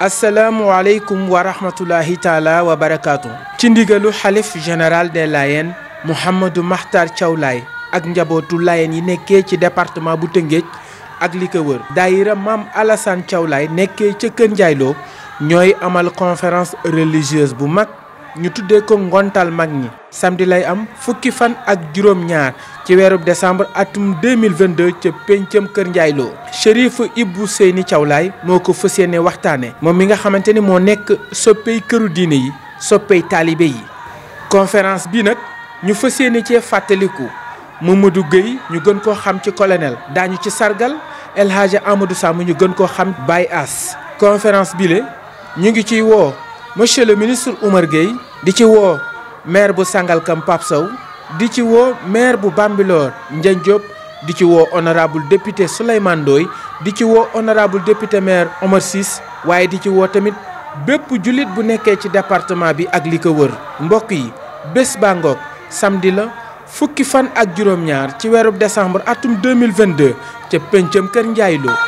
asalaamualeykum wa rahmatulahi taala wa barakaatu. ci ndigalu xalif général des Layènes Mouhamadou Makhtar Thiaw ak njabootu layen yi nekkee ci département bu Tëngéej ak li ko wër. daayira maam Alassane Thiaw Laye nekkee ca Kër Ndiayloo ñooy amal conférence religieuse bu mag. ñu tuddé ko ngontal magni samedi lay am fukki fan ak juroom ñaar ci décembre atum 2022 ci pencam kër njaay cherif ibou seyni tiawlay moko ko waxtane mom mi nga xamanteni mo nek soppey këru diine yi soppey talibé yi conférence bi nak ñu fas ci cee fàttaliku mamadou gueye ñu gën ko xam ci colonel dañu ci sargal el hadji amadou sam ñu gën ko xam bay as conférence bile ñu ngi ci wo monsieur le ministre Oumar Gueye di ci maire bu Sangalkam Pape Sow di maire bu Bambilor Ndiagne Diop di ci honorable député Souleymane Doy, di ci honorable député maire Omar Ciss waaye dit ci woo tamit bépp julit bu ci département bi ak li wër mbokk yi bés bangok samedi la fan ak ñaar ci décembre atum 2022 ca pencam kër